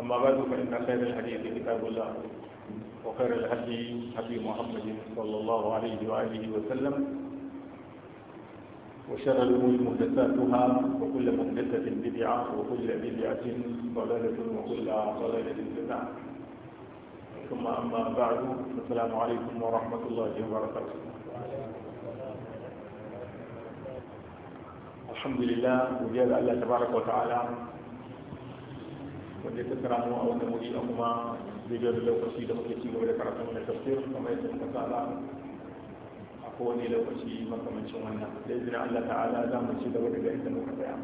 أما بعد فإن خير الحديث كتاب الله وخير الهدي هدي محمد صلى الله عليه وآله وسلم وشر الأمور محدثاتها وكل محدثة بدعة وكل بدعة ضلالة وكل ضلالة بدعة ثم أما بعد السلام عليكم ورحمة الله وبركاته الحمد لله وجل الله تبارك وتعالى wanda ya tattara mu a wannan wuri a kuma daidai da lokaci da muke cigaba da karatun da tafsir kamar yadda muka saba a kowane lokaci makamancin wannan da izinin Allah ta'ala za mu ci gaba daga inda muka tsaya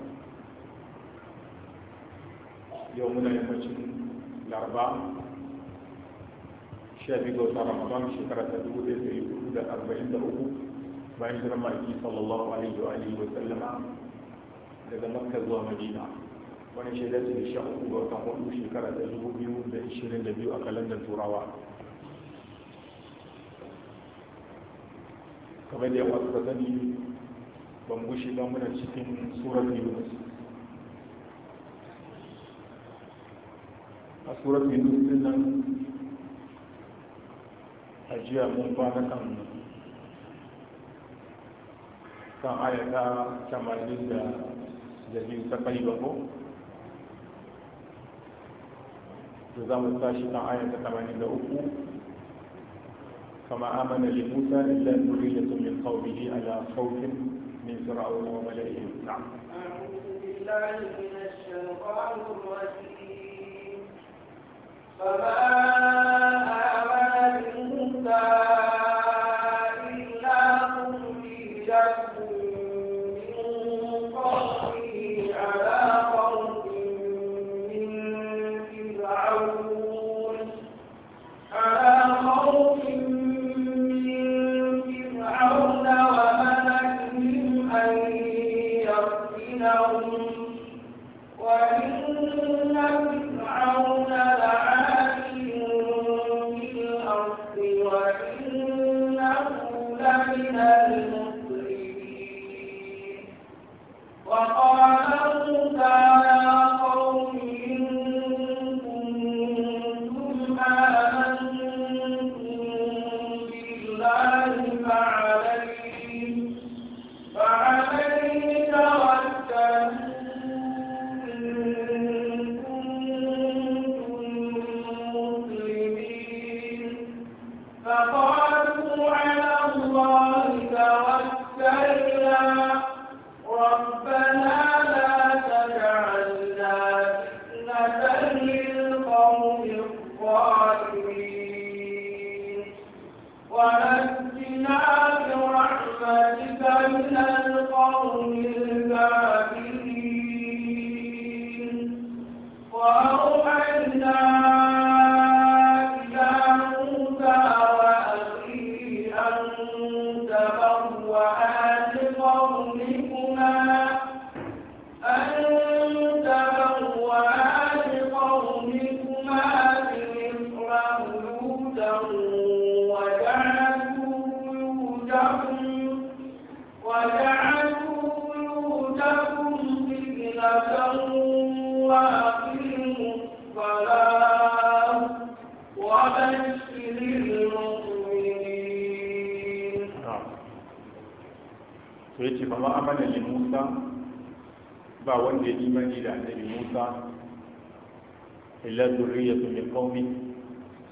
yau muna yammacin laraba sha biyu ga wata ramadan shekara ta dubu ɗaya da hudu da arba'in da uku bayan jiran ma'aiki sallallahu alaihi wa alihi wa sallama daga makka zuwa madina wani shirin da shi uku ga watan hudu shekara ta dubu biyu da ishirin da biyu a kalandar turawa kamar da yawa suka sani ban gushe don muna cikin surar yunus a surar yunus din nan ajiya mun mun na kan kan ayata kamar da biyu ta kai ba to za mu tashi kan ayar ta tamanin da uku kama amana li musa illa zuriyatun min qawmihi ala khawfin min fir'aun wa mala'ihim na'am a'udhu billahi minash shaitanir rajim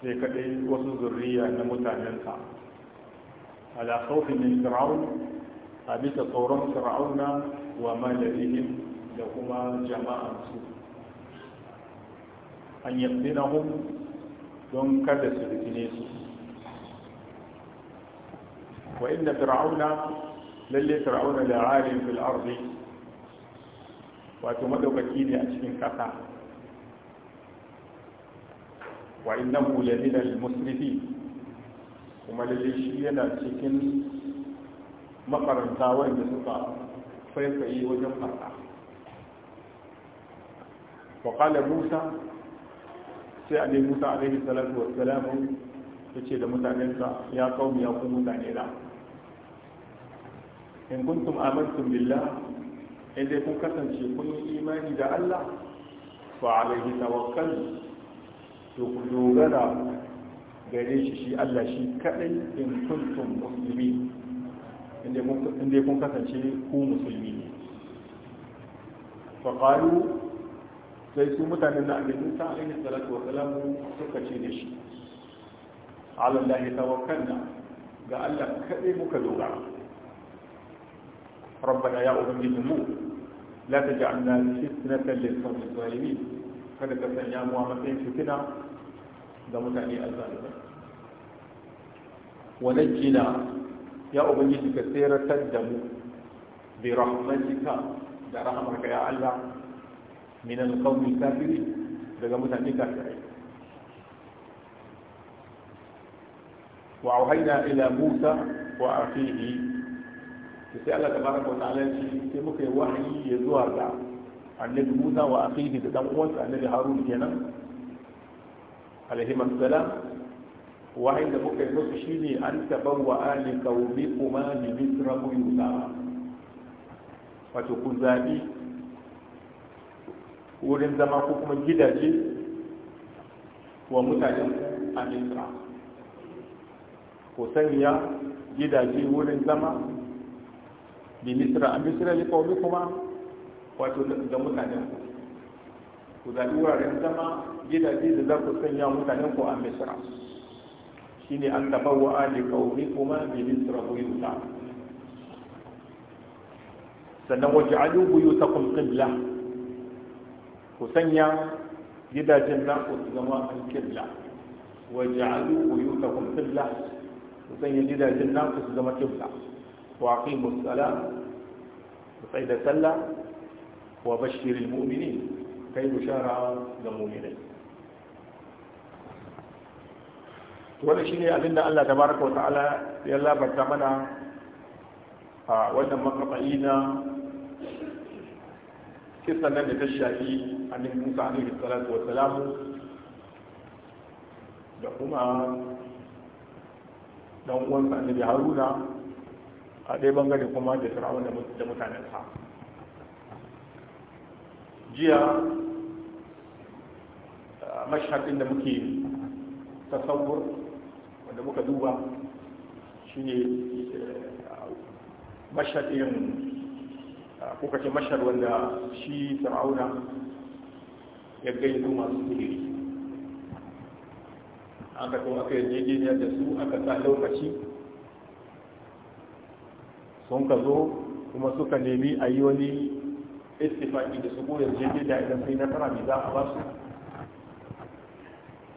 sai kadai wasu zurriya na mutanensa ala khawfin min fir'aun a bisa tsoron fir'auna wa malarihim da kuma jama'ansu an yabtinahum don kada su rikine su wa inna fir'auna lalle fir'auna da alim fil ardi wato madaukaki ne a cikin kasa wa innahu lamina al-musrifin kuma lalle shi yana cikin makaranta wanda suka faifaye wajen farka wa qala musa sai annabi musa alaihi salatu wa wassalam yace da mutanensa ya kaumi ya kuma mutane da in kuntum amantum billah in dai kun kasance kun yi imani da Allah fa alaihi tawakkal to ku dogara gare shi shi Allah shi kadai in kuntum musulmi inda kun kasance ku musulmi ne faƙaru sai su mutanen da abin sa alaihi salatu wa salamu suka ce da shi alallahi tawakkalna ga Allah kadai muka dogara rabbana ya ubangiji mu la taj'alna fitnatan lil qawmi zalimin kada ka sanya mu a matsayin fitina ga mutane azzalimai wa najjina ya ubangiji ka tseratar da mu bi rahmatika da rahmarka ya Allah minan alqawmi kafirin daga mutane kafirai wa auhayna ila Musa wa akhihi sai Allah tabaraka wa ta'ala shi sai muka yi wahayi ya zuwa annabi Musa wa akhihi da dan uwansa annabi Harun kenan alaihi masalam wahayin da muka yi musu shine an taban wa ali kaumi kuma ni misra buyuta wato ku zaɓi wurin zama ko kuma gidaje wa mutanen a misra ku sanya gidaje wurin zama bi misra a misra li kaumi kuma wato da mutanen ku zaɓi wuraren zama gidaje da za ku sanya mutanen ku a misra shine an tabawa ali qaumikuma bi misra buyuta sannan waj'alu buyutakum qibla ku sanya gidajen na ku zama an qibla waj'alu buyutakum qibla ku sanya gidajen na ku zama qibla wa aqimus salam ku tsaya da sallah wa bashiril mu'minin kai bushara ga mu'minai wanda shi ne abinda Allah ta baraka ala ya labarta mana a wannan makafa'i na kisan nan da ta shafi annabi Musa alaihi salatu wa salamu da kuma dan uwansa annabi Haruna a ɗaya bangare kuma da Fir'auna da mutanen mutanensa jiya mashakin da muke tasawur da muka duba shi ne irin ko kace wanda shi fir'auna ya gaisu masu sihiri aka kuma aka yarjejeniya da su aka sa lokaci sun ka zo kuma suka nemi a yi wani istifaki da su ko yarjejeniya idan sai nasara mai za a ba su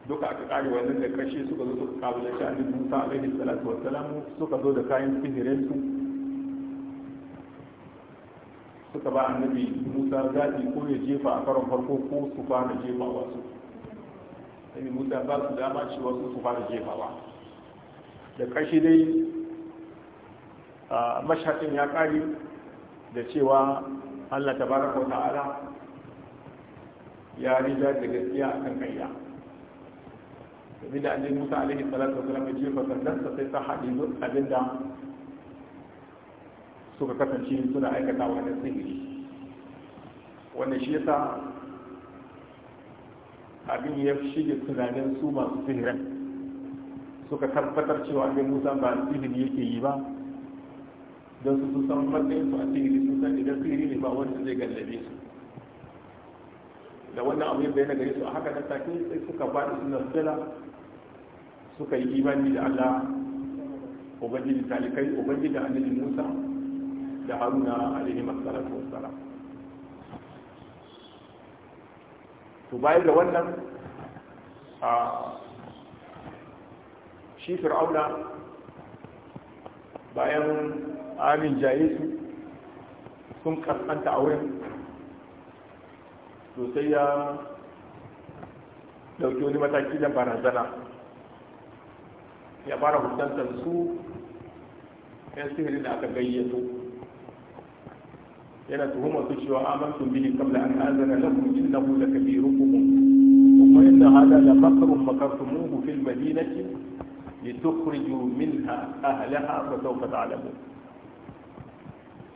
duka aka kare wannan da kashe suka zo suka kabula shi annabi Musa alaihi salatu wassalam suka zo da kayan sihirin su suka ba annabi Musa zaɓi ko ya jefa a karon farko ko su fara jefawa su annabi Musa ba su dama cewa su su fara jefawa da kashi dai mashhaɗin ya kare da cewa Allah tabaraka wa ta'ala ya rida da gaskiya akan kaiya. sabi da annabi Musa alaihi salatu wasallam ya jefa sandansa sai ta haɗe abinda suka kasance suna aikatawa da sihiri wannan shi yasa abin ya shige tunanin su masu sihirin suka tabbatar cewa abin musa ba sihiri yake yi ba don su su san matsayin su a sihiri sun san idan sihiri ne ba wanda zai gallabe su da wannan abu ya bayyana gare su a haka da take sai suka faɗi suna sila suka yi imani da Allah ubangiji talikai ubangiji annabi Musa da Haruna alaihi masallatu wassalam to bayan da wannan a shi fir'auna bayan amin jaye su sun karɓanta a wurin to sai ya dauki wani mataki da barazana ya fara hukuntar su yan sihirin da aka gayyato yana tuhumar su cewa amantum bihi qabla an azana lakum innahu lakabirukum kuma inna hada la makrun makartumuhu fil madinati litukhrijuu minha ahlaha fa sawfa ta'lamun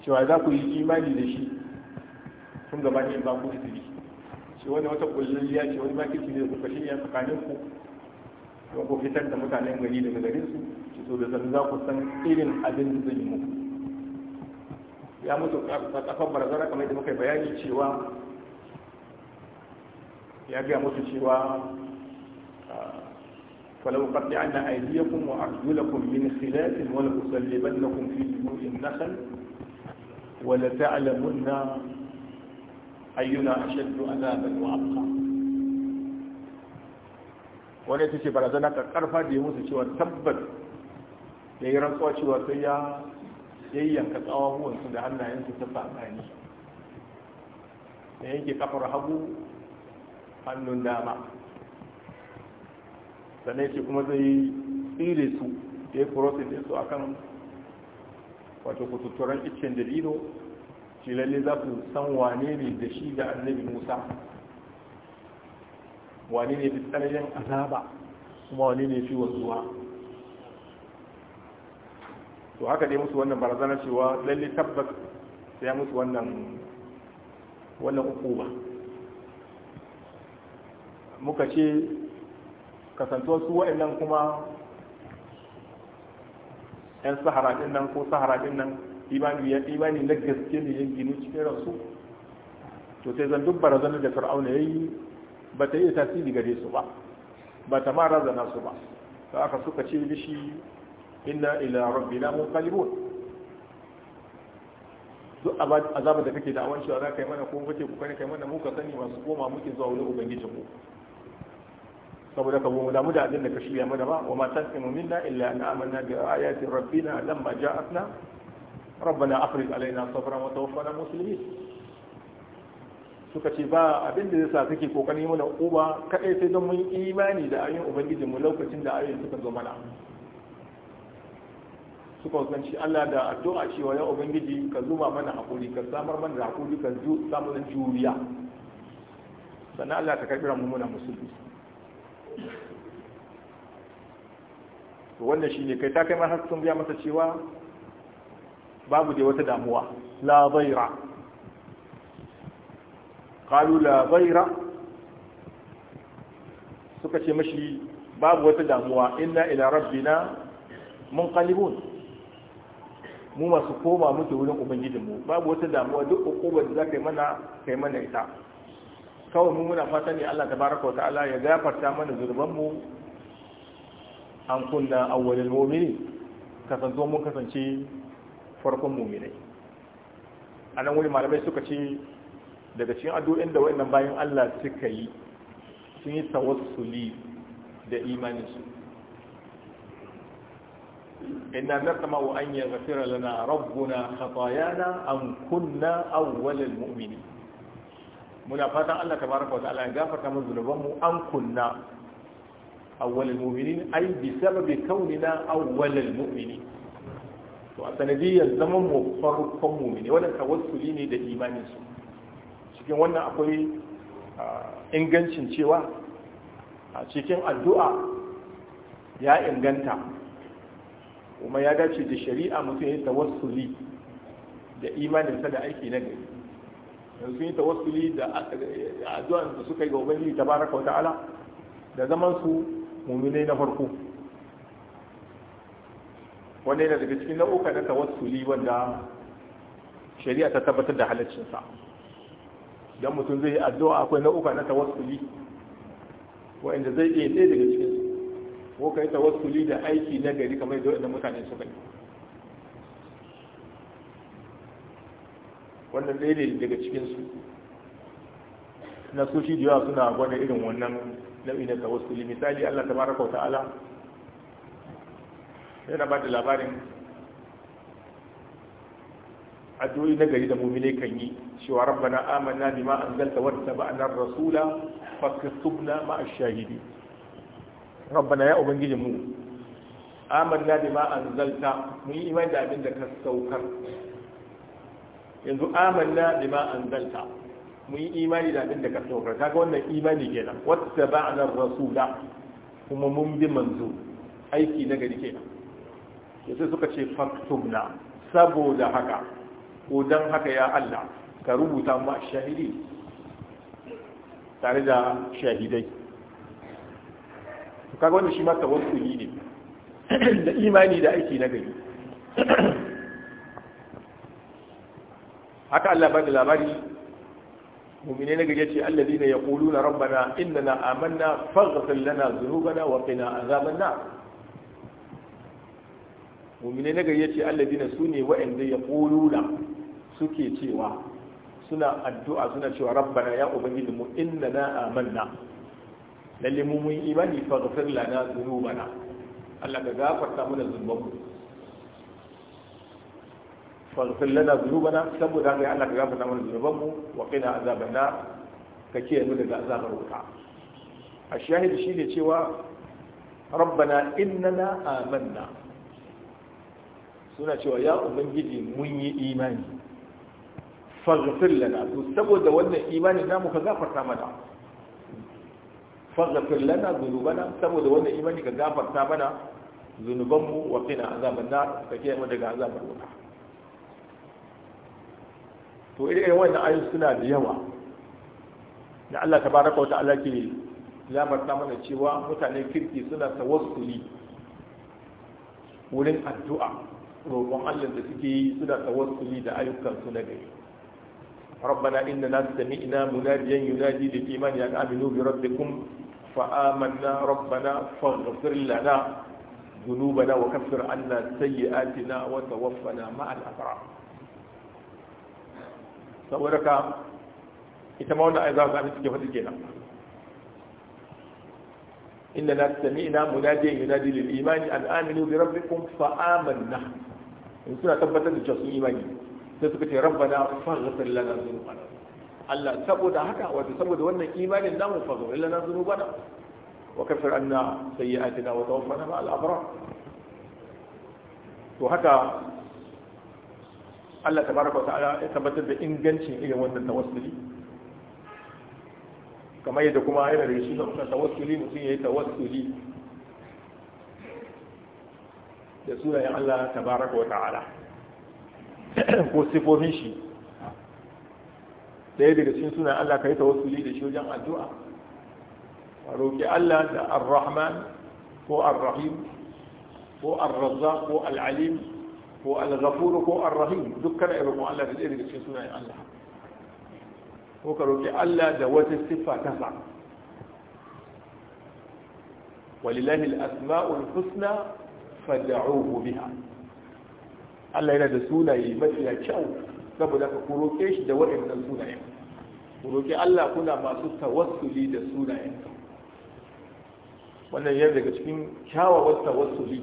cewa za ku yi imani da shi sun gaba in ba ku izini shi wani wata kullun ce wani makirci ne da kuka shirya tsakanin ku don ko fitar da mutanen gari daga garin su ki so da zan za ku san irin abin da zan yi ya mutu a kafan barazana kamar da muka yi bayani cewa ya gaya musu cewa falau qad anna aydiyakum wa arjulakum min khilafin wa la usallibannakum fi jumu'in nakhl wa la ta'lamunna ayyuna ashaddu adaban wa abqa wani ta ce barazana ka karfa da ya musu cewa tabbat ya yi rantsuwa cewa sai ya yayyanka tsawahuwansu da hannayensu ta tsakani. da yanke kafar hagu hannun dama sannan ce kuma zai tsire su ya yi kurosin da su akan wato kututturan iccen da dino shi lalle za ku san wane ne da shi da annabi musa wani ne fi tsananin azaba kuma wani ne fi wanzuwa to haka dai musu wannan barazanar cewa lalle tabbas sai ya musu wannan wannan ba. muka ce kasantuwa su waɗannan kuma yan sahara nan ko sahara nan imani ya imani na gaske ne yin ginu cikin ransu to sai zan duk barazanar da fir'auna yi. ba ta iya tasiri gare su ba ba ta mara razana su ba ta aka suka ce mishi inna ila mun kalibun duk azabar da kake da awan shi za ka yi mana ko kake kokarin kai mana muka sani masu koma muke zuwa wani ubangiji ku saboda ka mu damu da abin da ka shirya mana ba wa matan tasimu minna illa an amanna bi ayati rabbina lamma ja'atna ربنا أخرج علينا صبرا وتوفنا مسلمين suka ce ba abin da sa kake kokarin mana uba kadai sai don mun imani da ayoyin ubangiji mu lokacin da ayoyin suka zo mana suka kusanci Allah da addu'a cewa ya ubangiji ka zuba mana hakuri ka samar mana da hakuri ka samu da juriya sannan Allah ta karbi mu muna musulmi to wannan shine kai ta kai ma har sun biya masa cewa babu da wata damuwa la zaira qalu la suka ce mashi babu wata damuwa inna ila rabbina munqalibun mu masu koma muke wurin ubangijinmu babu wata damuwa duk ukubar da zaka yi mana kai mana ita kawai mu muna fatan ne Allah tabaraka wa ta'ala ya gafarta mana zurbanmu an kunna awwalul mu'minin kasanto mun kasance farkon mu'minai anan wani malamai suka ce daga cikin addu'o'in da wayannan bayan Allah suka yi sun yi tawassuli da imaninsu inna natama'u an yaghfira lana rabbuna khatayana an kunna awwalal mu'minin muna fatan Allah tabaraka wa ta'ala ya gafarta mana zunubanmu an kunna awwalal mu'minin ai, bi sababi kaunina awwalal mu'minin to a sanadiyar zaman mu farkon mu'mini wannan tawassuli ne da imaninsu cikin wannan akwai ingancin cewa a cikin addu'a ya inganta kuma ya dace da shari'a mutum ya tawassuli da imaninsa da aiki na gari sun yi tawassuli da addu'an da suka yi ga ta baraka wa ta'ala da zaman su muminai na farko wanda yana daga cikin nau'uka na tawassuli wanda shari'a ta tabbatar da halaccinsa idan mutum zai yi addu'a akwai na'uka na tawassuli wa'inda zai iya ɗaya daga cikin ko kai tawassuli da aiki na gari kamar yadda waɗannan mutane su yi wannan ɗaya ne daga cikin su na shi da yawa suna gwada irin wannan nau'i na tawassuli misali Allah tabaraka wa ta'ala yana ba da labarin addu'o'i na gari da mu'mine kan yi cewa rabbana amanna bima anzalta wa tabana ar-rasula fakutubna ma ash-shahidi rabbana ya ubangiji mu amanna bima anzalta mun yi imani da abin da ka saukar yanzu amanna bima anzalta mun yi imani da abin da ka saukar kaga wannan imani kenan wa tabana ar-rasula kuma mun bi manzo aiki na gari kenan sai suka ce faktubna saboda haka ko dan haka ya Allah ka rubuta ma shahidi tare da shahidai ka wanda shi ma tawakkuli ne da imani da aiki na gari haka Allah bada da labari mu'mine na gari ce allazina yaquluna rabbana innana amanna faghfir lana dhunubana wa qina azaban nar mu'mine na gari ce allazina sune wa'anda yaquluna suke cewa suna addu'a suna cewa rabbana ya ubangiji mu inna na amanna lalle mu mun imani fa ghafir lana dhunubana Allah ka gafarta mana zunubanmu fa ghafir lana dhunubana saboda kai Allah ka gafarta mana zunubanmu wa qina azaban nar ka kiyaye mu daga azabar wuta a shahidi ne cewa rabbana innana amanna suna cewa ya ubangiji mun yi imani faghfir lana to saboda wannan imani namu ka gafarta mana faghfir lana dhunubana saboda wannan imani ka gafarta mana zunubanmu wa qina azaban nar kake mu daga azabar wuta to irin wannan ayoyi suna da yawa da Allah tabaraka wa ta'ala ke labarta mana cewa mutanen kirki suna tawassuli wurin addu'a roƙon Allah da suke yi suna tawassuli da ayyukan su na gari ربنا إننا سمعنا مناديا ينادي للإيمان أن آمنوا بربكم فآمنا ربنا فاغفر لنا ذنوبنا وكفر عنا سيئاتنا وتوفنا مع الأبرار saboda ita ma wannan aiza za mu cike fadi kenan inna na sami'na munadiyan yunadi lil imani an aminu bi rabbikum fa amanna in suna tabbatar da cewa sun imani sai suka ce rabbana faghfir lana dhunubana Allah saboda haka wato saboda wannan imanin namu faghfir lana dhunubana wa kafir anna sayyi'atina wa tawaffana ma'al abrar to haka Allah tabaraka wa ta'ala ya tabbatar da ingancin irin wannan tawassuli kamar yadda kuma yana da shi na tawassuli mutum ya yi tawassuli da sunayen Allah tabaraka wa ta'ala ko sifofin shi ɗaya daga cikin suna Allah ka yi tawassuli da shi wajen addu'a a roƙi Allah da ar-rahman ko ar-rahim ko ar-razzaq ko al-alim ko al-ghafur ko ar-rahim dukkan irin Allah da ɗaya daga cikin sunan Allah ko ka roƙi Allah da wata siffa ta sa walillahi al-asma'ul husna fad'uhu biha Allah yana da sunaye mafiya kyau saboda ka kuroke shi da waɗannan sunaye kuroke Allah kuna masu tawassuli da sunayen wannan yana daga cikin kyawawan tawassuli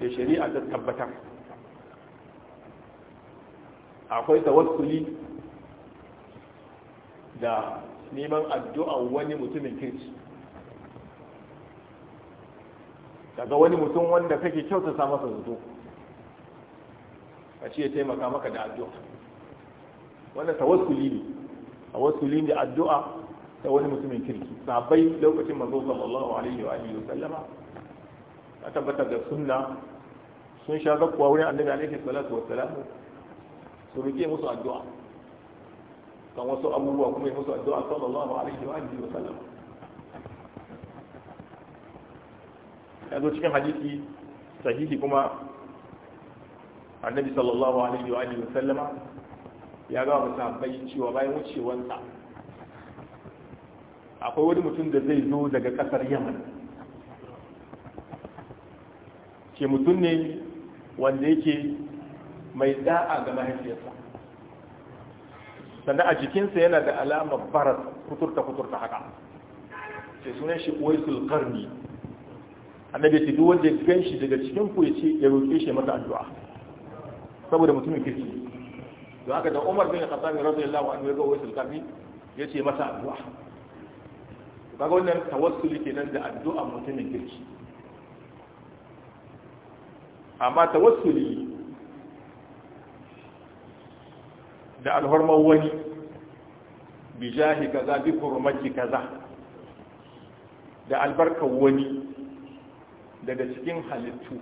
da shari'a ta tabbatar akwai tawassuli da neman addu'a wani mutumin kirki daga wani mutum wanda kake kyautata masa zato a ce ya taimaka maka da addu'a wanda tawassuli ne tawassuli ne addu'a ta wani mutumin kirki sabai lokacin mazo sallallahu alaihi wa alihi wa sallama a tabbata da sunna sun sha zakkuwa wurin annabi alaihi salatu wa salamu. su rike musu addu'a kan wasu abubuwa kuma yi musu addu'a sallallahu alaihi wa alihi wa sallama ya zo cikin hadisi sahihi kuma annabi sallallahu alaihi wa alihi wasallama ya ga wa sahabbai cewa bayan wucewansa akwai wani mutum da zai zo daga kasar yaman ke mutum ne wanda yake mai da'a ga mahaifiyarsa sannan a jikinsa yana da alamar baras kuturta-kuturta haka sai sunan shi waisul karni annabi ta duk wanda ya gan daga cikin ku ya ce ya roƙe shi masa addu'a saboda mutumin kirki don haka da Umar bin Khattab radiyallahu anhu ya ga wasu kafi yace masa addu'a kaga wannan tawassuli kenan da addu'a mutumin kirki amma tawassuli da alhormar wani jahi kaza bi kurmaki kaza da albarkar wani daga cikin halittu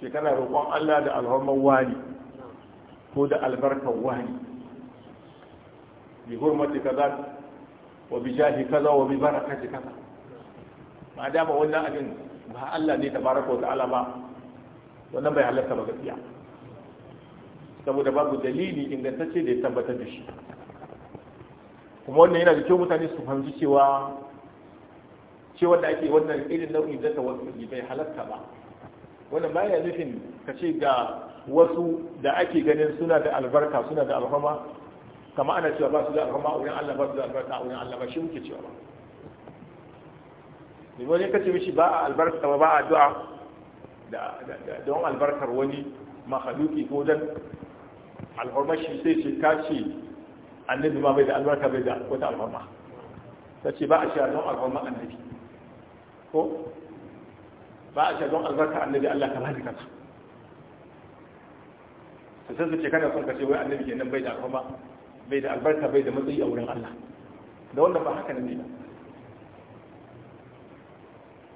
ce kana roƙon Allah da alhorman wani ko da albarkar wani bi hurmati kaza wa bi jahi kaza wa bi barakati kaza ba dama wannan abin ba Allah ne tabaraka wa ta'ala ba wannan bai halarta ba gaskiya saboda babu dalili ingantacce da ya tabbatar da shi kuma wannan yana da kyau mutane su fahimci cewa cewa da ake wannan irin nau'in zata wasu bai halarta ba wanda ya nufin ka ce ga wasu da ake ganin suna da albarka suna da alhama kama ana cewa ba su da alhama a wurin Allah ba su da albarka a wurin Allah ba shi muke cewa ba domin wani ce mishi ba a albarka ba a du'a don albarkar wani mahaluki ko dan shi sai ce ka ce annabi ma bai da albarka bai da wata alhorma ta ce ba a cewa don alhorma annabi ko ba a ce don albarka annabi Allah ta bani kaza to sai su ce kana son ka ce wai annabi kenan bai da kuma bai da albarka bai da matsayi a wurin Allah da wannan ba haka ne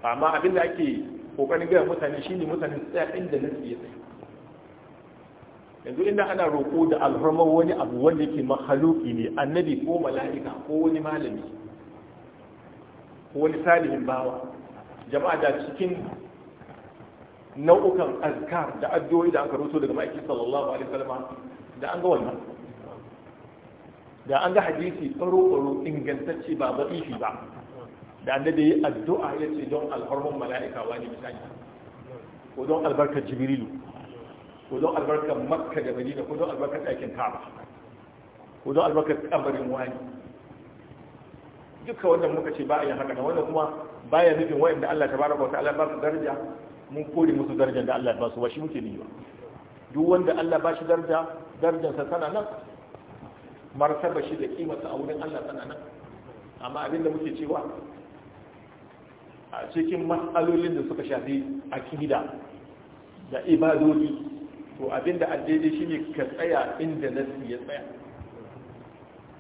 ba amma abin da ake kokarin gaya mutane shine mutane tsaya inda nasi ya sai yanzu inda ana roƙo da alfarmar wani abu wanda ke mahaluki ne annabi ko mala'ika ko wani malami ko wani salihin bawa jama'a da cikin nau'ukan azkar da addu'o'i da aka rubuto daga ma'aiki sallallahu alaihi wasallam da an ga wannan da an ga hadisi tsaro tsaro ingantacce ba ba'ifi ba da an da yi addu'a ya ce don alharmun mala'ika ni misali ko don albarkar jibrilu ko don albarkar makka da madina ko don albarkar ɗakin kaba ko don albarkar kabarin wani duka wannan muka ce ba a yi haka wannan kuma baya nufin wa'anda Allah tabaraka wa ta'ala ba su daraja mun kore musu darajar da Allah ba su ba shi muke niyo duk wanda Allah ba shi daraja darajarsa tana nan martaba shi da kimarsa a wurin Allah tana nan amma abin da muke cewa a cikin matsalolin da suka shafi akida da ibadodi to abin da addini ne ka tsaya inda nasi ya tsaya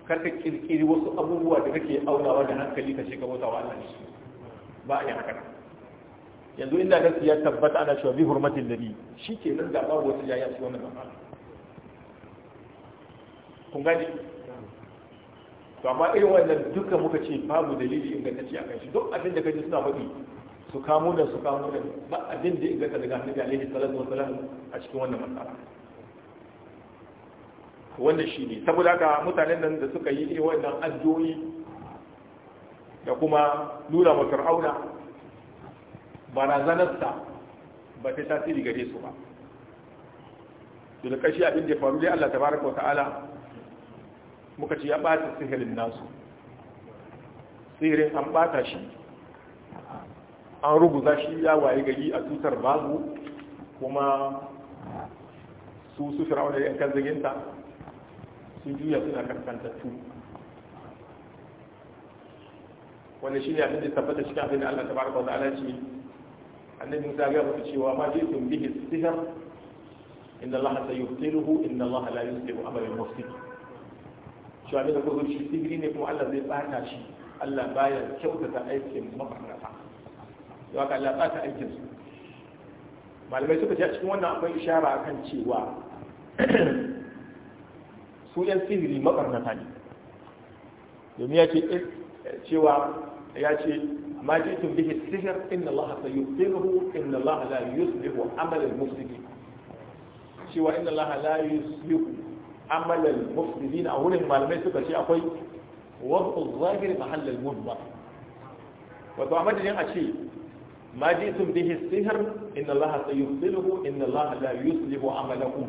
karka kirkiri wasu abubuwa da kake aunawa da hankali ka shiga wata wa Allah ba a yi haka yanzu inda gaskiya tabbata ana cewa bi hurmatin nabi shi ke nan da babu wasu yaya su wannan mafana kun gani to amma irin wannan duka muka ce babu dalili ingantacce kan shi duk abin da kaji suna faɗi su kamo da su kamo da ba abin da inganta daga annabi alaihi salatu wasalam a cikin wannan matsala wannan shi ne saboda haka mutanen nan da suka yi irin wannan addu'o'i da kuma nuna wa fir'auna barazanarsa ba ta tasiri gare su ba da kashi abin da faru dai Allah tabaraka wata'ala muka ce ya bata sihirin nasu sihirin an bata shi an rubuta shi ya waye gari a tutar babu kuma su su fir'aun da yankan zaginta sun juya suna kaskantattu wanda shi ne abin da tabbata cikin abin da Allah tabaraka wata'ala ce annabi Musa ga musu cewa ma jitum bihi sihr inna Allah sayubtiluhu inna Allah la yuslihu amal al-mufsid shi abin da ko shi sihiri ne kuma Allah zai bata shi Allah baya kyautata aikin mafarrafa to haka Allah bata aikin su malamai suka ce a cikin wannan akwai ishara akan cewa su yan sihiri mafarrafa ne domin ya ce eh, cewa ya ce ما جئتم به السحر إن الله سيبطله إن الله لا يصلح عمل المفسدين سوى إن الله لا يصلح عمل المفسدين أولا ما لم يسبق شيء أقوي وضع الظاهر محل المنظر وتعمد لي أشيء ما جئتم به السحر إن الله سيبطله إن الله لا يصلح عملكم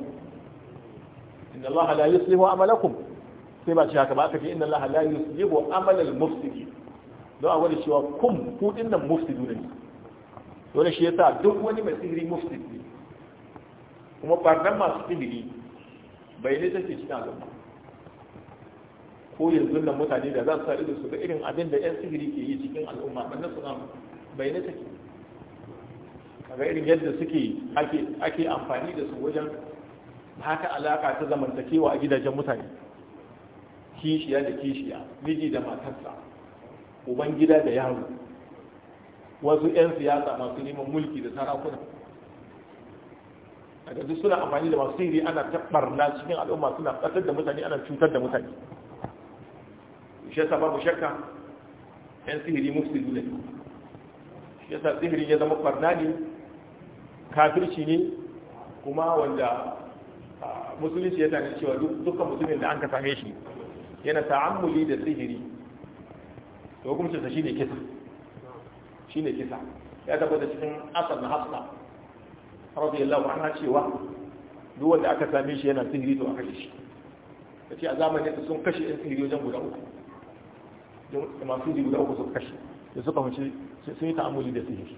إن الله لا يصلح عملكم sai ba shi haka ba aka ce inna Allah la yuslihu amal al-mufsidin don a wani cewa kum kudin nan muftidu ne dole shi ya sa duk wani mai sihiri mufti ne kuma barnan masu sihiri bai ne take cikin al'umma ko yanzu nan mutane da za su sa ido su ga irin abin da 'yan sihiri ke yi cikin al'umma ɓannan su bai ne take kaga irin yadda suke ake amfani da su wajen haka alaka ta zamantakewa a gidajen mutane kishiya da kishiya miji da matarsa uban gida da yaro wasu 'yan siyasa masu neman mulki da sarakuna a duk suna amfani da masu sihiri ana taɓarna cikin al'umma suna ɓatar da mutane ana cutar da mutane shi yasa babu shakka 'yan sihiri mufsidu ne shi yasa sihiri ya zama barna ne kafirci ne kuma wanda musulunci ya tare cewa dukkan musulmin da an ka same shi yana ta'ammuli da sihiri to hukuncin sa shine kisa shine kisa ya tabbata cikin asar na hafsa wa ana cewa duk wanda aka same shi yana sihiri to aka shi kace a zamanin da sun kashe yan sihiri wajen guda uku don masu sihiri guda uku suka kashe da suka mace sun yi ta'amuli da sihiri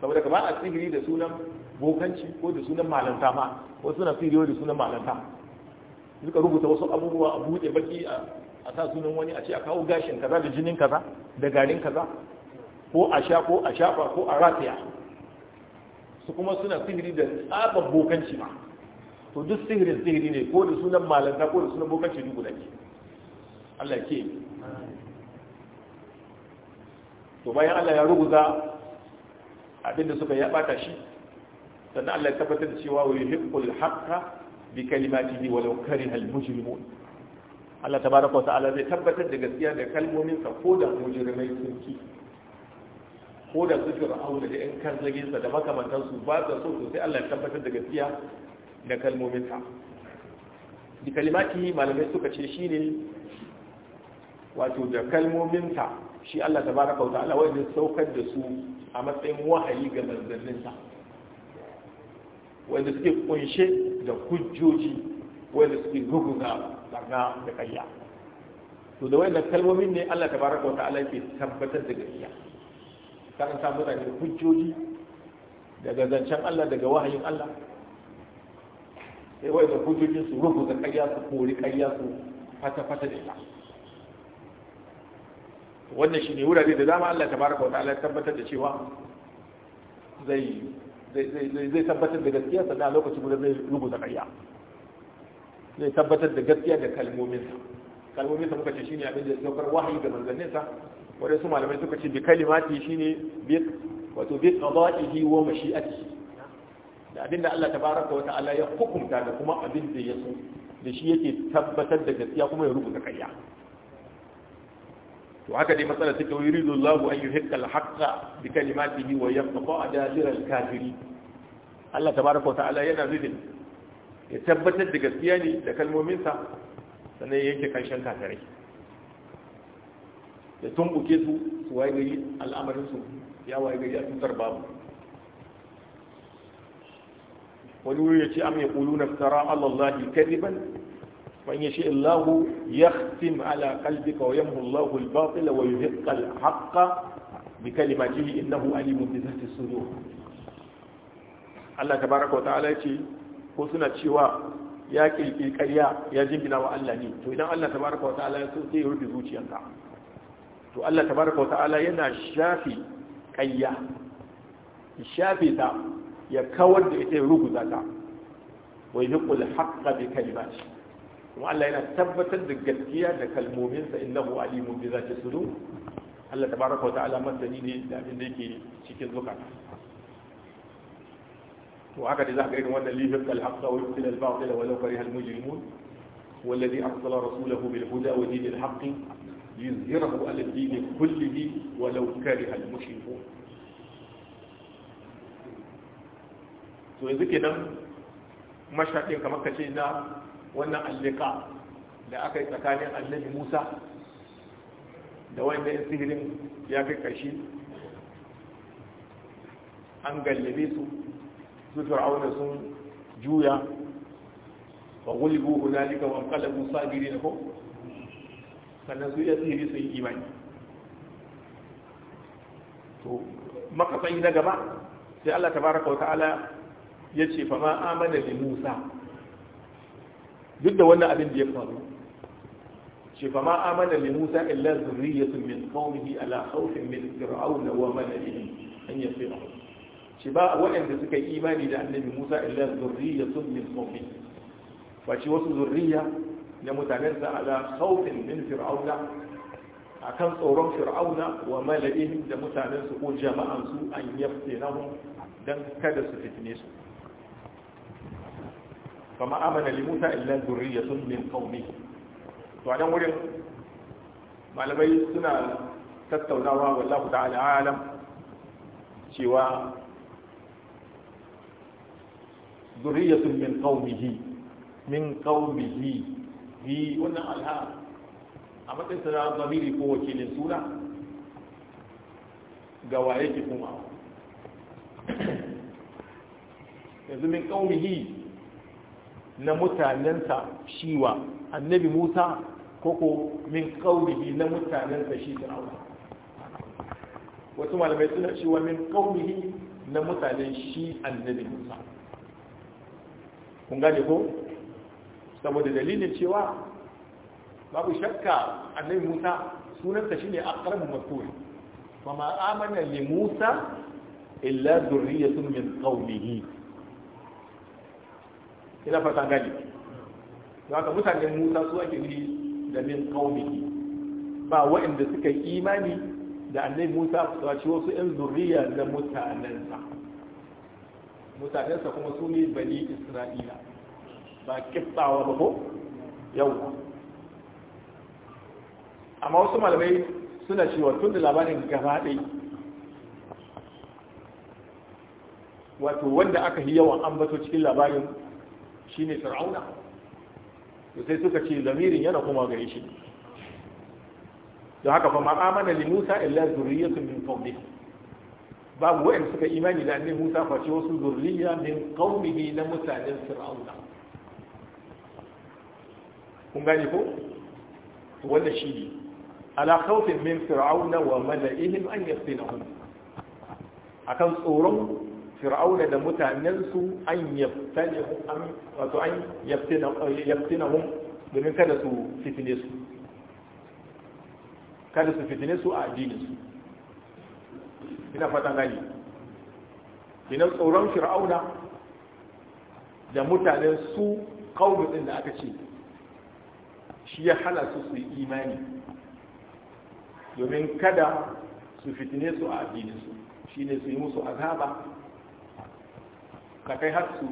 saboda ka a sihiri da sunan bokanci ko da sunan malanta ma wasu suna sihiri da sunan malanta suka rubuta wasu abubuwa a buɗe baki a a sa sunan wani a ce a kawo gashin kaza da jinin kaza da garin kaza ko a sha ko a shafa ko a rataya su kuma suna sihiri da tsabar bokanci ma to duk sihirin sihiri ne ko da sunan malanta ko da sunan bokanci duk guda ke Allah ke to bayan Allah ya rubuta abinda suka ya bata shi sannan Allah ya tabbatar da cewa wa yuhibbul haqqa bi kalimatihi walau kariha al mujrimun Allah ta baraka wasu ala zai tabbatar da gaskiya da kalmominsa ko da mujrimai sun ki ko da su fir'auna da yan kanzaginsa da makamantansu ba su so sosai Allah ya tabbatar da gaskiya da kalmominsa da kalimaki malamai suka ce shi ne, wato da kalmominsa shi Allah ta baraka wasu ala wajen saukar da su a matsayin wahayi ga manzanninsa wanda suke kunshe da hujjoji wanda suke gugugawa barna da kayya to da wannan kalmomin ne Allah tabaraka wa ta'ala yake tabbatar da gaskiya kana sa mutane hujjoji daga zancen Allah daga wahayin Allah sai wai da hujjojin su rubuta kayya su kori kayya su fata fata da ita wannan shine wurare da dama Allah tabaraka wa ta'ala ya tabbatar da cewa zai zai zai tabbatar da gaskiya sannan a lokacin da zai rubuta ƙarya zai tabbatar da gaskiya da kalmominsa kalmominsa muka ce shi ne abin da saukar wahayi ga manzanninsa wanda su malamai suka ce bi kalimati shine bi wato bi qada'ihi wa mashi'atihi da abin da Allah Ta tabaraka wa ta'ala ya hukunta da kuma abin da ya so da shi yake tabbatar da gaskiya kuma ya rubuta ƙarya to haka dai matsalar take wa yuridu Allahu an yuhiqqa al-haqqa bi kalimatihi wa yaqta'a dajira al-kafiri Allah tabaraka wa ta'ala yana nufin ya tabbatar da gaskiya ne da kalmominsa sannan ya yanke kanshen kakarai ya tumbuke su su waye gari al'amarinsu ya waye gari a tutar babu wani wuri ya ce am ya ƙulu na fitara allallahi kadiban man ya shi illahu ya tim ala kalbi wa yamhu allahu al wa yuhiqqa al-haqqa bi kalimatihi innahu alimun bi dhati sudur Allah tabaraka wa ta'ala ya ce ko suna cewa ya kirkiri ƙarya ya jingina wa Allah ne to idan Allah tabaraka wa ta'ala ya so sai ya rufe zuciyarka to Allah tabaraka wa ta'ala yana shafi ƙarya ya shafe ta ya kawar da ita ya ruguza ta wa yuhibbul haqqa bi kalimati kuma Allah yana tabbatar da gaskiya da kalmominsa innahu alimun bi zati sudur Allah tabaraka wa ta'ala masani ne da abin da yake cikin zukata to haka da za irin wannan lihir al-haqqa wa yubtil al-batil wa والذي أرسل رسوله بالهدى ودين الحق ليظهره على الدين كله ولو كره المشركون to yanzu kenan mashaɗin kamar ka ce na wannan allika da aka yi tsakanin annabi musa da wannan sihirin ya kai ƙarshe an gallabe su su fir'auna sun juya wa gulibu hunalika wa qalabu sabirin ko sannan su ya tsiri sun yi imani to maka makasai na gaba sai Allah tabaraka wa ta'ala ya ce fa ma amana li Musa duk da wannan abin da ya faru ce fa ma amana li Musa illa zurriyatun min qaumihi ala khawfin min fir'auna wa malaihi an yasiru shi ba waɗanda suka yi imani da annabi musa illa zurriya sun min kofi ba ce wasu zurriya na mutanensa ala haufin min fir'auna a kan tsoron fir'auna wa mala'ihim da mutanensu ko jama'ansu an na nahu don kada su fitne su Ba ma'amana li musa illa zurriya sun min kofi to a nan wurin malamai suna tattaunawa wallahu ta'ala alam cewa zuriyatun min qaumihi min qaumihi hi wannan alha a matsayin sa ko wakilin suna ga waye kuma yanzu min qaumihi na mutanensa shiwa annabi Musa koko min qaumihi na mutanensa shi Fir'auna wasu malamai suna cewa min qaumihi na mutanen shi annabi Musa kun ko saboda dalilin cewa babu shakka annabi Musa sunanta shine aqrabu masul fama amana li Musa illa dhurriyyatun min qaumihi ina fata gani haka mutanen Musa su ake ni da min qaumihi ba waɗanda suka yi imani da annabi Musa su wasu 'yan zurriya na mutanensa mutanensa kuma su ne bani isra'ila ba kiftawa ba ko yau amma wasu malamai suna cewa tun da labarin gabaɗai wato wanda aka yi yawan ambato cikin labarin shine fir'auna to sai suka ce lamirin yana kuma gare shi don haka fa ma amana li musa illa zurriyatun min fawqihi babu wa'in suka imani da annabi Musa face wasu zurriya min qaumihi na mutanen Fir'auna kun gane ko wannan shi ne ala khawfin min fir'auna wa mala'ihim an yaftinahum akan tsoron fir'auna da mutanensu an yaftinahum an wato an yaftinahum domin kada su fitine su kada su fitine su a addinin su ina fatan gani kinan tsoron fir'auna da mutanen su kaunin din da aka ce shi ya hana su su yi imani domin kada su fitine su a addininsu shi ne su yi musu azaba ka kai har su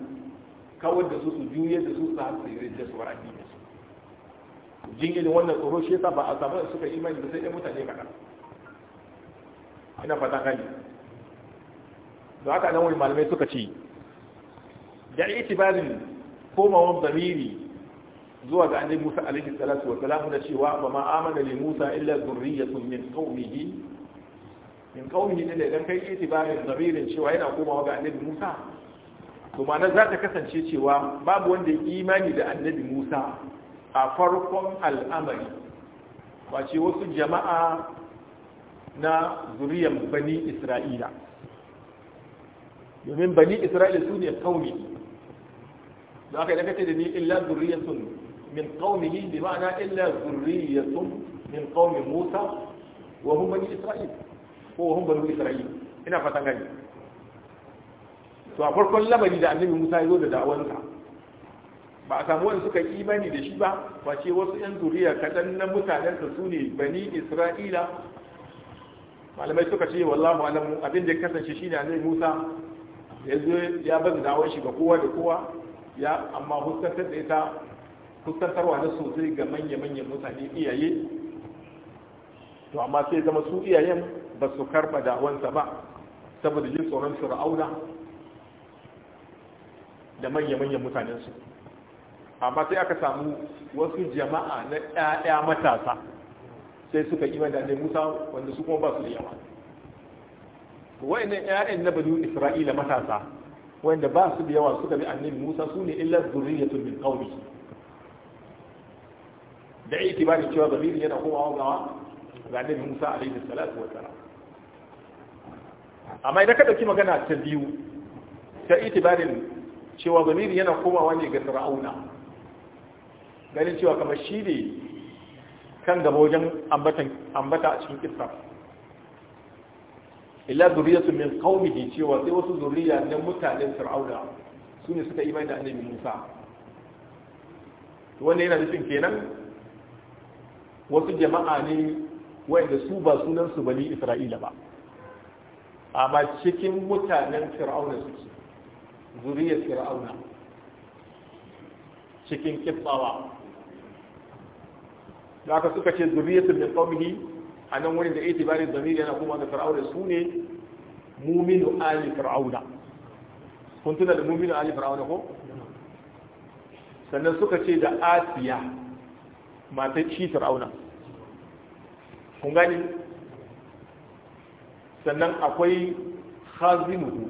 kawo da su su juye da su su har yi da su war su jingilin wannan tsoro shi ya ba a samu suka imani da sai ɗan mutane kaɗan ina fatan gani da haka nan wani malamai suka ce da itibarin komawan zamiri zuwa ga annabi Musa alaihi salatu wa salam da cewa ba ma amana li Musa illa zurriyatun min qaumihi min qaumihi ne dan kai itibarin zamirin cewa yana komawa ga annabi Musa to ma nan zaka kasance cewa babu wanda imani da annabi Musa a farkon al'amari ba ce wasu jama'a na zuriyar bani isra'ila domin bani isra'ila su ne kauni da aka yi ce da ni illa zuriyatun min kaunihi bi ma'ana illa zuriyatun min kaunin musa wa hun bani isra'ila ko wa hun bani isra'ila ina fatan gani to a farkon labari da annabi musa ya zo da da'awansa ba a samu wani suka imani da shi ba ba ce wasu 'yan zuriya kaɗan na mutanensa su ne bani isra'ila malamai suka ce wallahu alamu abin da kasance shine ne Musa ya zo ya bazu dawon shi ga kowa da kowa ya amma huskantar da ita huskantarwa na sosai ga manya-manyan mutane iyaye to amma sai zama su iyayen ba su karba wansa ba saboda jin tsoron fir'auna da manya-manyan mutanensu amma sai aka samu wasu jama'a na 'ya'ya matasa sai suka yi da Musa wanda su kuma ba su da yawa wayannan ƴaƴan na banu Isra'ila matasa wanda ba su da yawa suka bi annabi Musa su ne illa zurriyatu min qawmi da itibari cewa zabiri yana wa gawa ga annabi Musa alaihi salatu wa salam amma idan ka dauki magana ta biyu ta itibarin cewa zamiri yana komawa ne ga Fir'auna ganin cewa kamar shi ne kan gaba wajen ambata a cikin kissa illa zuriyatu min qaumihi cewa sai wasu zuriya na mutanen fir'auna su ne suka imani da annabi Musa wanda yana nufin kenan wasu jama'a ne wanda su ba sunan su bani Isra'ila ba amma cikin mutanen fir'auna ce zuriyar fir'auna cikin kibbawa da aka suka ce zuriyatun min qawmihi anan wurin da itibari zamiri yana kuma da fir'auna su ne muminu ali fir'auna kun tuna da muminu ali fir'auna ko sannan suka ce da asiya matan shi fir'auna kun gani sannan akwai khazimuhu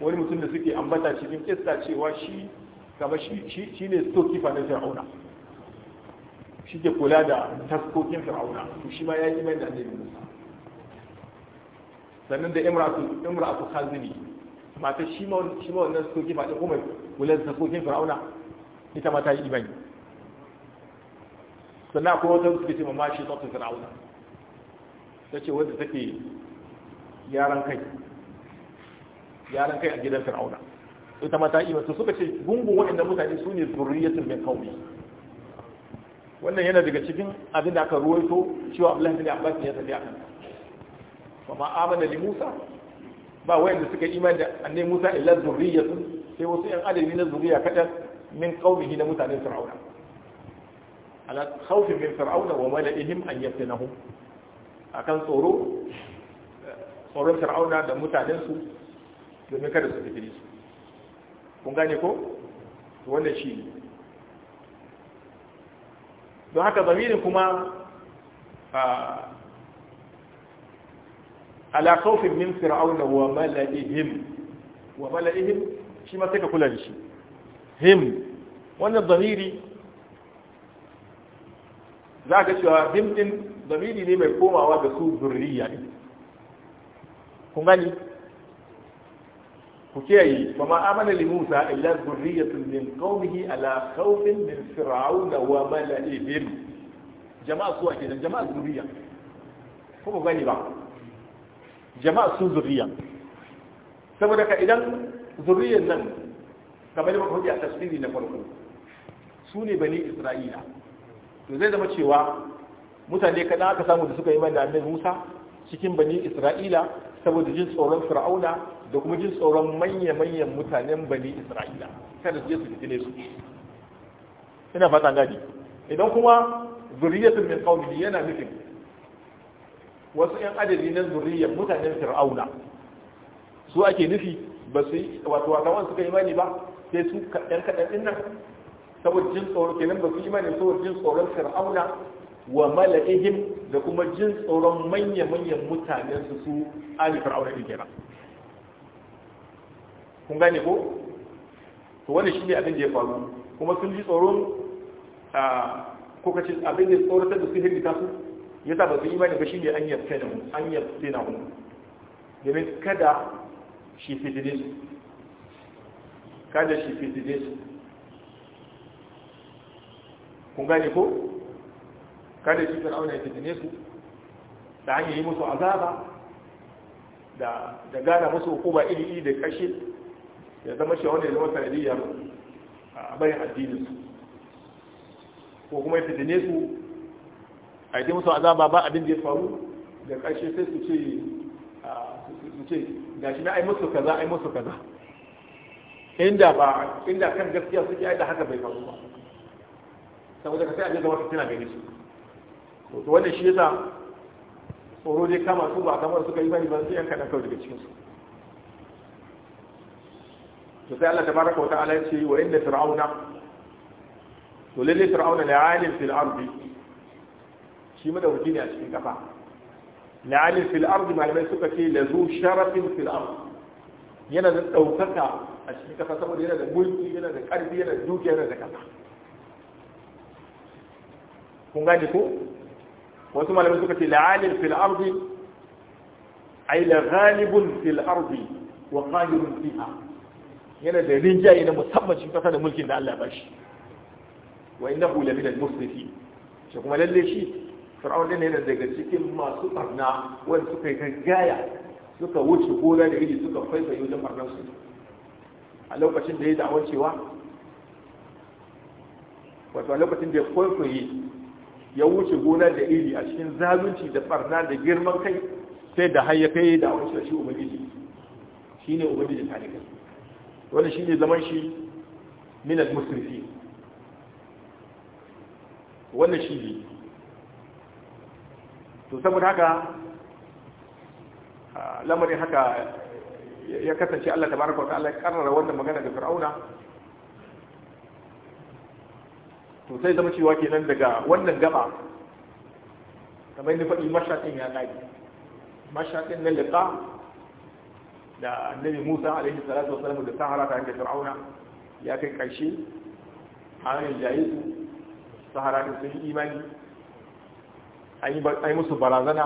wani mutum da suke ambata cikin kista cewa shi kama shi ne stokifa na fir'auna shi ke kula da taskokin fir'auna to shi ma ya yi mai da annabi musa sannan da imratu imratu khazini mata shi ma shi ma wannan taskoki ba da kuma kula da taskokin fir'auna ita ma ta yi imani sannan akwai wata suke ce ma shi tsotsin fir'auna ta ce wadda take yaran kai yaran kai a gidan fir'auna ita ma ta yi imani to suka ce gungun waɗanda mutane su ne zurriyatul min qaumi wannan yana daga cikin abin da aka ruwaito cewa Abdullahi bin Abbas ya tafi akan ba ma amana li Musa ba da suka imani da annabi Musa illa zurriyatun sai wasu yan adadi na zuriya kadan min qaumihi na mutanen Fir'auna ala khawfi min Fir'auna wa mala'ihim an yaftinahu akan tsoro tsoron Fir'auna da mutanensu domin kada su fitine su kun gane ko wannan shi ne don haka zamirin kuma ala khawfin min fir'auna wa mala'ihim wa mala'ihim shi ma sai ka kula da shi him wannan zamiri za ka cewa him din zamiri ne mai komawa da su zurriya ne kun gani ku kiyaye fa ma amana li Musa illa zurriyatun min qaumihi ala khawfin min fir'auna wa mala'ihim jama'a su ake jama'a zuriya ko ba gani ba jama'a su zuriya saboda ka idan zuriyar nan kamar da a tafsiri na farko su ne bani Isra'ila to zai zama cewa mutane kaɗan aka samu da suka yi mai da Musa cikin bani Isra'ila saboda jin tsoron fir'auna da kuma jin tsoron manya-manyan mutanen bani isra'ila kada su je su fitine su ina fata gadi idan kuma zuriyatun min qaumihi yana nufin wasu yan adadi na zuriyar mutanen fir'auna su ake nufi ba su wato wakawan suka imani ba sai su kadan kaɗan din nan saboda jin tsoron kenan ba su imani saboda jin tsoron fir'auna wa mala'ihim da kuma jin tsoron manya-manyan mutanen su su ali fir'auna din kenan kun gane ko to wannan shine abin da ya faru kuma sun ji tsoron a ko kace abin da tsoron da su hirgita su yasa ba su imani ba shine an yabta na an yabta na hun domin kada shi fitine su kada shi fitine su kun gane ko kada shi fir'auna ya fitine su da hanyar yi musu azaba da gada musu hukuma iri iri da kashe ya zama shi wanda ya zama sanadiyar a bayan addinin su ko kuma ya fitine su a yi musu azaba ba abin da ya faru da ƙarshe sai su ce su ce ga shi na ai musu kaza ai musu kaza inda ba inda kan gaskiya suke ai da haka bai faru ba saboda ka sai abin zama fitina gani su to wannan shi yasa tsoro dai kama su ba kamar suka yi bani ba sai yanka da kawai daga cikin su to sai Allah tabaraka wa ta'ala ya ce wa inna fir'auna to lalle fir'auna la alim fil ardi shi madawaki ne a cikin kafa la alim fil ardi malamai suka ce la zu sharafin fil ardi yana da daukaka a cikin kafa saboda yana da mulki yana da karfi yana da dukiya yana da kafa kun gane ko wasu malamai suka ce la alim fil ardi ay la ghalibun fil ardi wa qahirun fiha yana da rinjaye na musamman shi kasa da mulkin da Allah ba shi wa inna hu lamin al-musrifin shi kuma lalle shi fir'aun din yana daga cikin masu barna wanda suka yi gaggaya suka wuce gona da iri suka faifa yau da barnan su a lokacin da ya da cewa wato a lokacin da ya kwaikwaye ya wuce gona da iri a cikin zalunci da barna da girman kai sai da har ya da wancan shi ubangiji shine ubangiji talibai wani shine zaman shi min al-musrifi wannan shi ne to saboda haka lamarin haka ya kasance Allah ta tabaraka wa Allah ya karrara wannan magana da Fir'auna to sai zama cewa kenan daga wannan gaba kamar ni faɗi mashaƙin ya ƙage mashaƙin na liƙa da annabi musa alaihi salatu wasalam da sahara ta hanyar fir'auna ya kai karshe a yayin jaye sahara din sun imani an yi musu barazana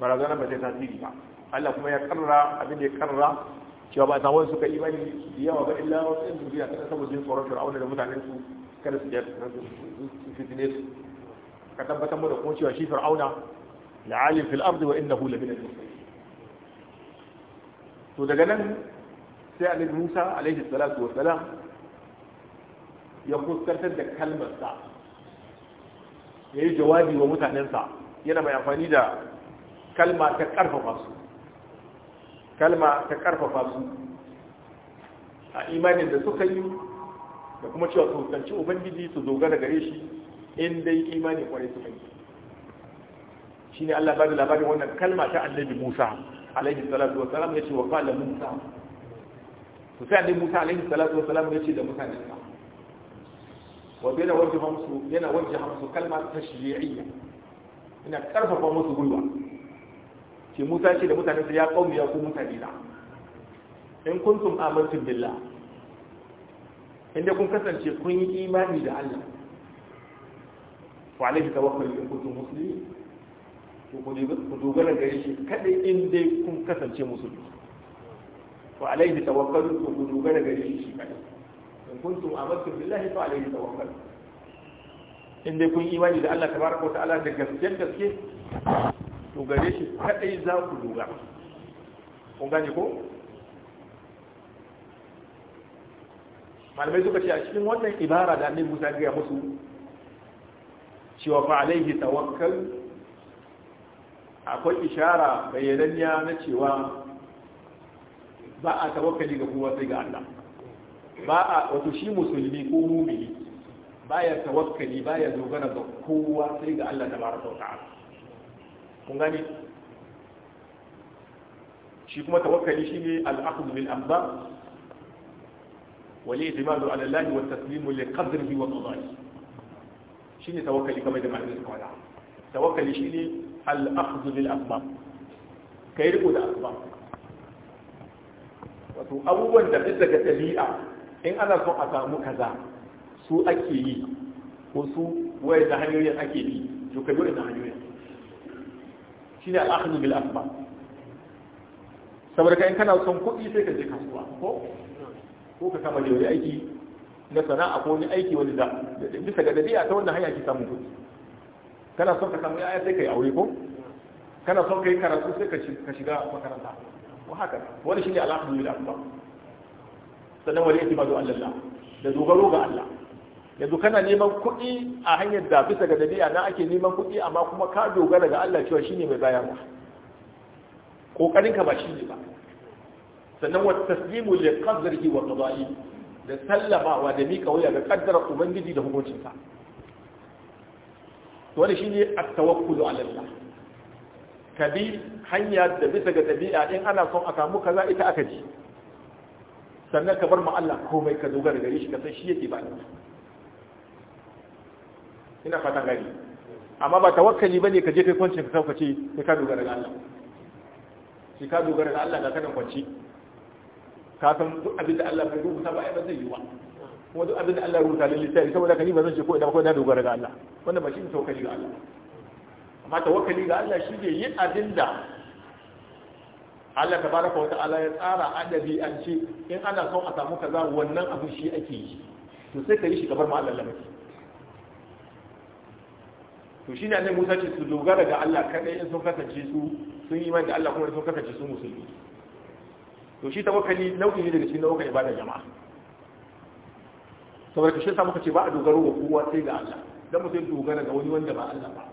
barazana ba ta tasiri ba Allah kuma ya karra abin da ya karra cewa ba ta wani suka imani da yawa ba illa wasu 'yan duniya kada saboda jin tsoron fir'auna da mutanen su kada su su fitine su ka tabbatar mu da kuma cewa shi fir'auna la'alim fil ardi wa innahu lamin al-mustaqim to daga nan sai alaihi musa alaihi salatu wa salam ya fuskantar da kalmarsa ya yi jawabi wa mutanensa yana mai amfani da kalma ta karfafa su kalma ta karfafa su a imanin da suka yi da kuma cewa su kanci ubangiji su dogara gare shi in dai imani kwarai suka yi shine Allah ba da labarin wannan kalma ta annabi Musa alayhi salatu wasalam ya ce wa qala musa to sai annabi musa alayhi salatu wasalam ya ce da mutanen sa wa bina wajha hamsu yana wajha hamsu kalma tashri'iyya ina karfafa musu gwiwa ce musa ce da mutanen sa ya qaumi ya ku musa dila in kuntum amantum billah inda kun kasance kun yi imani da Allah wa alaihi tawakkal in kuntum muslimin ku dogara gare shi kadai in dai kun kasance musulmi wa alaihi tawakkalu to ku dogara gare shi shi kadai in kuntum amantu billahi fa alaihi tawakkalu in dai kun imani da Allah tabaraka wa ta'ala da gaskiyar gaske to gare shi kadai za ku dogara kun gane ko malamai suka ce a cikin wannan ibara da annabi Musa ya musu cewa fa alaihi tawakkal akwai ishara bayyananniya na cewa ba a tawakkali ga kowa sai ga Allah ba a wato shi musulmi ko mumini baya tawakkali baya dogara ga kowa sai ga Allah tabaraka wa ta'ala kun gani shi kuma tawakkali shine al-akhdhu bil asbab wal i'timad ala Allah wa taslimu li qadrihi wa shi ne tawakkali kamar da malamin suka wada shi ne. al-akhdhu bil asbab yi riko da asbab wato abubuwan da bisa ga tabi'a in ana son a samu kaza su ake yi ko su waye da hanyoyin ake bi to ka dole da hanyoyin shi ne akhdhu bil asbab saboda in kana son kuɗi sai ka je kasuwa ko ko ka kama da wani aiki na sana'a ko wani aiki wani da bisa ga dabi'a ta wannan hanya ki samu kuɗi kana son ka samu yaya sai ka yi aure ko kana son ka yi karatu sai ka shiga makaranta wa haka wani shi ne da ba sannan wani yake mazu allah da dogaro ga allah yanzu kana neman kuɗi a hanyar da bisa ga dabi'a na ake neman kuɗi amma kuma ka dogara ga allah cewa shine mai bayarwa Ƙoƙarinka ba shi ne ba sannan wata taslimu kan qadrihi wa qada'i da sallamawa da miƙa wuya ga ƙaddara ubangiji da hukuncinsa to wani a at-tawakkulu ala ka bi hanya da bisa ga tabi'a in ana son a samu kaza ita aka ji sannan ka bar ma Allah komai ka dogara gare shi ka san shi yake ba ina fata gari amma ba tawakkali bane ka je kai kwanci ka sauka ce sai ka dogara ga Allah sai ka dogara ga Allah ga kadan kwanci ka san duk abin da Allah bai rubuta ba ai ba zai yi ba kuma duk abin da Allah ya rubuta lil littafi saboda kani ba zan ce ko idan ko na dogara ga Allah wannan ba shi ne tawakkali ga Allah amma tawakkali ga Allah shi ne yin abin da Allah tabaraka wa ta'ala ya tsara adabi an ce in ana son a samu kaza wannan abu shi ake yi to sai ka yi shi kamar ma Allah lamaki to shi ne annabi Musa ce su dogara ga Allah kadai in sun kasance su sun yi imani da Allah kuma sun kasance su musulmi to shi tawakkali nau'i ne daga cikin nau'ukan ibada jama'a saboda ka shirka muka ce ba a dogaro wa kowa sai ga Allah dan mutum dogara ga wani wanda ba Allah ba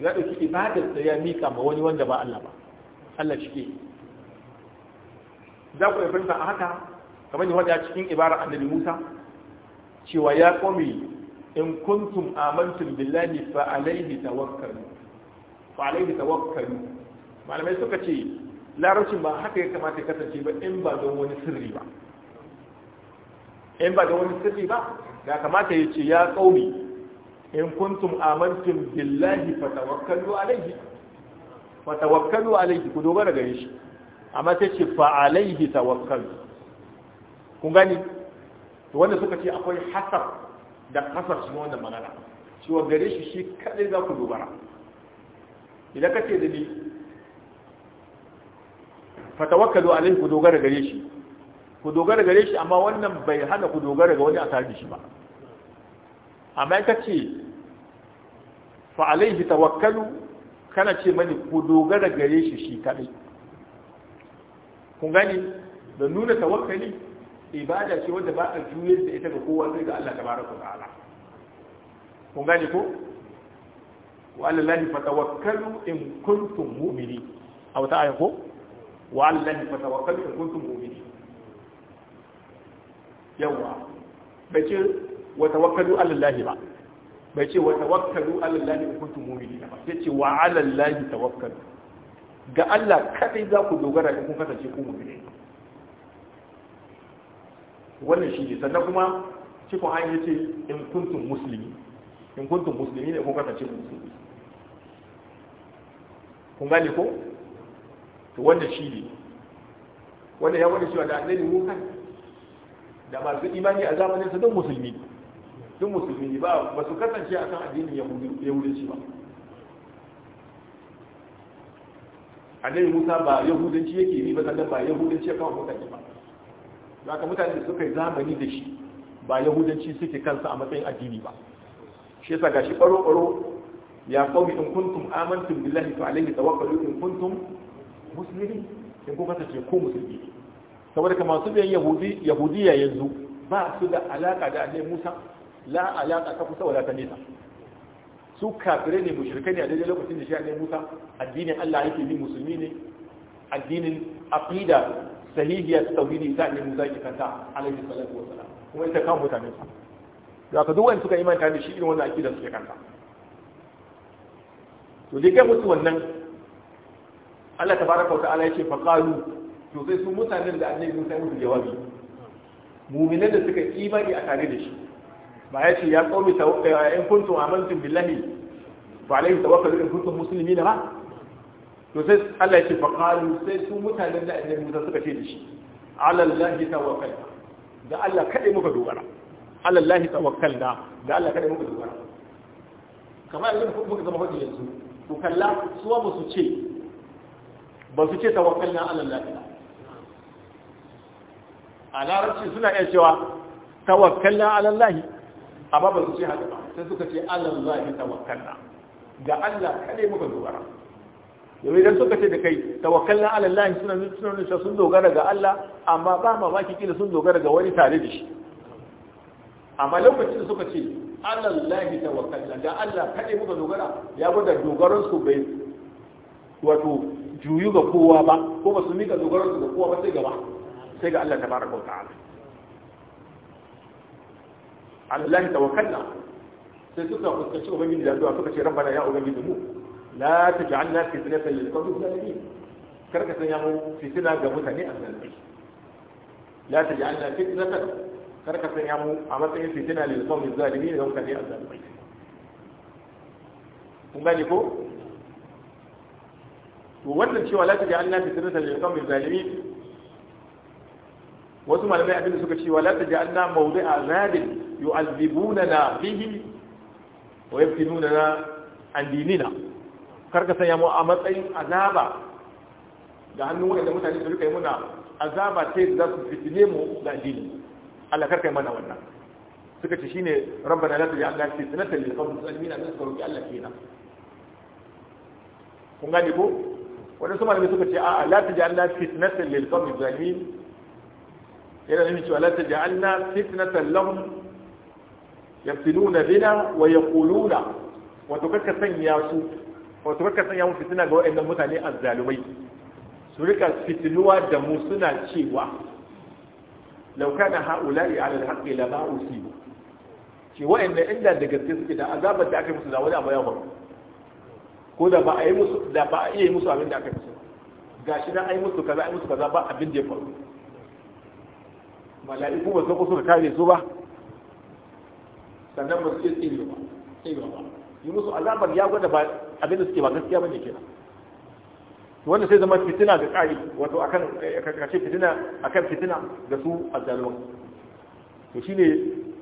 ya dauki ibadar da ya mika ma wani wanda ba Allah ba Allah shi ke za ku yi fahimta a haka kamar yadda ya cikin ibara annabi Musa cewa ya qomi in kuntum amantum billahi fa alayhi tawakkalu fa alayhi tawakkalu malamai suka ce larabcin ba haka ya kamata ya kasance ba in ba don wani sirri ba in ba da wani sirri ba da kamata ya ce ya tsauni. in kuntum amantum billahi fatawakkalu alayhi fatawakkalu alayhi ku dogara gare shi amma sai ce fa alayhi tawakkalu kun gani to wanda suka ce akwai hasar da kasar shi wannan magana shi wa gare shi shi kadai za ku dogara idan ka ce da ni fatawakkalu alayhi ku dogara gare shi ku dogara gare shi amma wannan bai hana ku dogara ga wani a tare da shi ba amma ka ce fa alaihi tawakkalu kana ce mani ku dogara gare shi shi kadai Ku gani da nuna tawakkali ibada ce wanda ba a juyar da ita ga kowa zai ga Allah ku ta'ala Ku gani ko wa'allani fa tawakkalu in kuntun mu'minin a wata ko wa'allani fa tawakkalu in kuntun mu'minin yawa bai ce wa tawakkalu alallahi ba bai ce wa tawakkalu alallahi Allah in kuntum mu'minin ba sai ce wa alallahi Allah tawakkalu ga Allah kadai za ku dogara in kun kasance ku mu'mini wannan shi ne sannan kuma cikin an yace in kuntum muslimi in kuntum muslimi ne kun kasance musulmi kun gane ko to wannan shi ne wannan ya wani cewa da annabi Musa da masu imani a zamanin sa don musulmi don musulmi ba ba su kasance a kan addinin yahudanci ba annabi musa ba yahudanci yake ni ba sannan ba yahudanci ya kawo mutane ba za ka mutane suka yi zamani da shi ba yahudanci suke kansa a matsayin addini ba shi yasa gashi baro baro ya qaumi in kuntum amantum billahi fa alayhi tawakkalu in kuntum muslimin in kuka tace ko musulmi saboda kamar su biyan yahudiya yanzu ba su da alaka da annabi Musa la alaka ta kusa wala ta nisa su kafirai ne mushrikai ne a daidai lokacin da shi annabi Musa addinin Allah yake bi musulmi ne addinin aqida sahihiya ta tauhidi ta annabi Musa ke kanta alaihi salatu wassalam kuma ita kan mutane su da aka duk wanda suka imanta da shi irin wannan aqida suke kanta to dai ke mutu wannan Allah ta tabaraka wa ta'ala yake Fakalu. to zai su mutanen da annabi Musa mutu jawabi mu'minan da suka imani a tare da shi ba ya ce ya qaumi tawakkalu eh, in kuntum amantum billahi fa alayhi tawakkalu in kuntum muslimina ba to sai Allah ya ce fa qalu sai su mutanen da annabi Musa suka ce da shi ala allahi tawakkalna da Allah kadai muka dogara ala allahi tawakkalna da Allah kadai muka dogara kamar yadda muka zama hudu yanzu to kalla suwa ba su ce ba su ce tawakkalna ala allahi a larabci suna iya cewa tawakkalna ala Allah amma ba su ce haka ba sai suka ce ala Allah tawakkalna ga Allah kale muka dogara yau idan suka ce da kai tawakkalna ala Allah suna nuna sun dogara ga Allah amma ba ki kila sun dogara ga wani tare da shi amma lokacin da suka ce alallahi tawakkalna da Allah kale muka dogara ya gwada dogaron su bai wato juyu ga kowa ba ko ba su mika dogaron su ga kowa ba sai gaba سيجا الله تبارك وتعالى على الله توكلنا سيتوكا وتشوف من جاء دعوة فكشي ربنا يا أولي دمو لا تجعلنا في سنة للقوم الظالمين كركة يامو في سنة جابو ثانية أمنا لا تجعلنا في سنة كركة يامو عمتين في سنة للقوم الظالمين يوم ثانية أمنا ومالكو ووزن شوى لا تجعلنا في سنة للقوم الظالمين wasu malamai abinda suka ce wala ja'alna mawdi'a ghabin yu'adhibunana fihi wa yaftinunana an dinina karka sanya mu a matsayin azaba da hannun wanda mutane su rika yi muna azaba ta yadda za su fitine mu da addini Allah karka yi mana wannan suka ce shine rabbana la taj'alna fitnatan lil qawmi zalimina min sarki Allah kenan kun gane ko wanda su malamai suka ce a'a la taj'alna fitnatan lil qawmi zalimin yana nufin cewa la taj'alna fitnatan lahum yaftinuna bina wa yaquluna wato kaka sanya su wato kaka sanya mu fitina ga waɗannan mutane azzalumai su rika fitinuwa da mu suna cewa law kana ha'ula'i 'ala al-haqqi la ba'usibu ce waɗannan inda da gaske suke da azabar da aka musu da wani abu ya faru ko da ba a yi musu da ba a iya musu abin da aka musu gashi na ai musu kaza ai musu kaza ba abin da ya faru mala'iku ba su kusa kare su ba sannan ba su ce tsiri ba tsiri ba yi musu azabar ya gwada ba abin da suke ba gaskiya bane kenan wanda sai zama fitina ga kari wato akan kace fitina akan fitina ga su azalwa to shine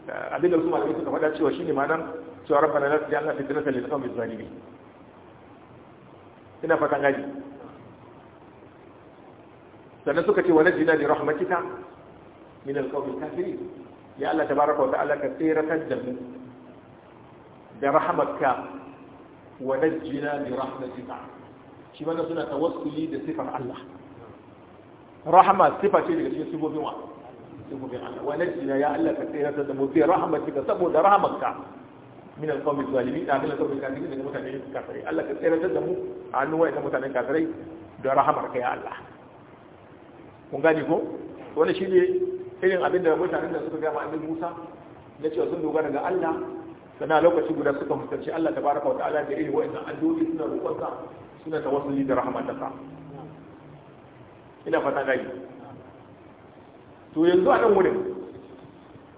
eh, abin da su malamai suka faɗa cewa shine nan cewa rabbana la tajalna fitnatan lil qawmi zalimin ina fatan gaji sannan suka ce wani jina ne rahmatika min alqawmi kafirin ya Allah tabaraka wa ta'ala ka tsiratar da mu da rahmatka wa najjina bi rahmatika shi wannan suna tawassuli da sifar Allah rahma sifa ce daga cikin sifofin wa sifofin Allah wa najjina ya Allah ka tsiratar da mu bi rahmatika saboda rahmatka min alqawmi zalimin da min alqawmi kafirin daga mutanen kafirai Allah ka a mutanen da ya Allah ko wani shi ne irin abin da mutanen da suka gama annabi Musa na cewa sun dogara ga Allah sana lokaci guda suka fuskanci Allah tabaraka wa ta'ala da irin wa'annan addu'o'i suna roƙonsa suna tawassuli da rahmatarsa ina fata gani to yanzu a nan wurin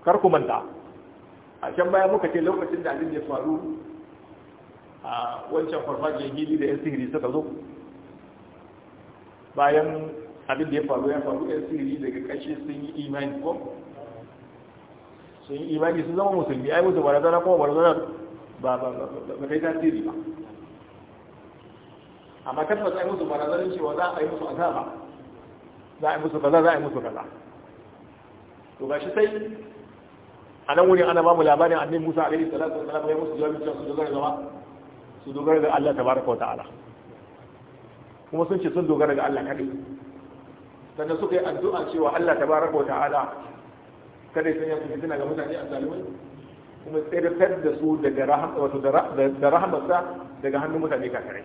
kar ku manta a can baya muka ce lokacin da abin ya faru a wancan farfajiyar gini da yan sihiri suka zo bayan abin da ya faru ya faru ya sirri daga kashe sun yi imani ko sun yi imani sun zama musulmi ai musu barazana kuma barazana ba ba ba kai tasiri ba amma tabbas ai musu barazanin cewa za a yi musu azaba za a yi musu kaza za a yi musu kaza to gashi sai a nan wurin ana bamu labarin annabi Musa alaihi salatu wasallam ya musu jawabi cewa su dogara ga su dogara ga Allah tabaraka wa ta'ala kuma sun ce sun dogara ga Allah kadai sannan suka yi addu'a cewa Allah baraka wa ta'ala kada ya sanya su fitina ga mutane a zalimai kuma tsirtar da su daga rahamarsa daga hannun mutane kakarai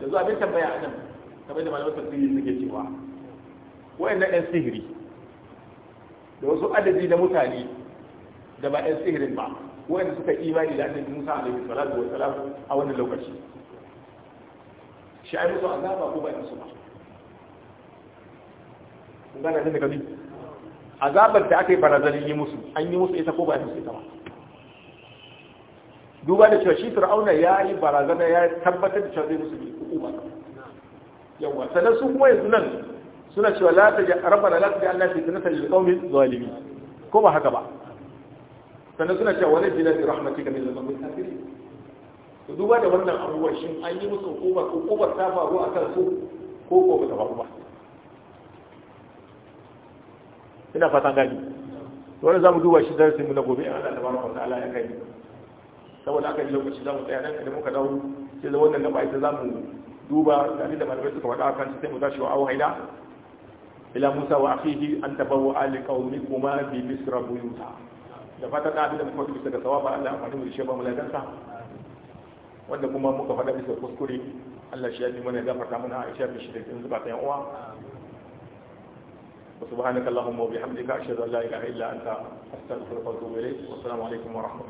yanzu abin tambaya a nan kamar da malamar tafsiri suke cewa wa'annan 'yan sihiri da wasu adadi na mutane da ba 'yan sihirin ba wa'anda suka imani da annabi Musa alaihi salatu wa salam a wannan lokaci shi ai musu azaba ko ba su ba gana ne daga biyu azabar da aka yi barazanin yi musu an yi musu ita ko ba a musu ita ba duba da cewa shi fir'auna ya yi barazana ya tabbatar da cewa zai musu bi uku ba yawa sannan su kuma yanzu nan suna cewa la ta ja rabbana la ta ja Allah fi sunnata lil qawmi zalimi ko ba haka ba sannan suna cewa wani jinan rahmati rahmatika min al-qawmi to duba da wannan abubuwan shin an yi musu uku ko ko ba ta faru akan su ko ko ba ta faru ba ina fatan gani wannan zamu duba shi na gobe Allah tabaraka wa ta'ala ya kai saboda aka yi lokaci tsaya nan idan muka dawo sai da wannan gaba ita duba tare da malamai suka faɗa kan sai mu tashi wa auhaida ila Musa wa akhihi an tabawu ali qaumikuma bi misra buyuta da fata da abin da muka daga sawaba Allah ya faɗi mu shi ba mu wanda kuma muka faɗa bisa kuskure Allah shi ya ji mana gafarta mana shi da ta yan uwa wa subhanaka allahumma wa bihamdika ashhadu an la ilaha illa anta astaghfiruka wa atubu ilayk wa wa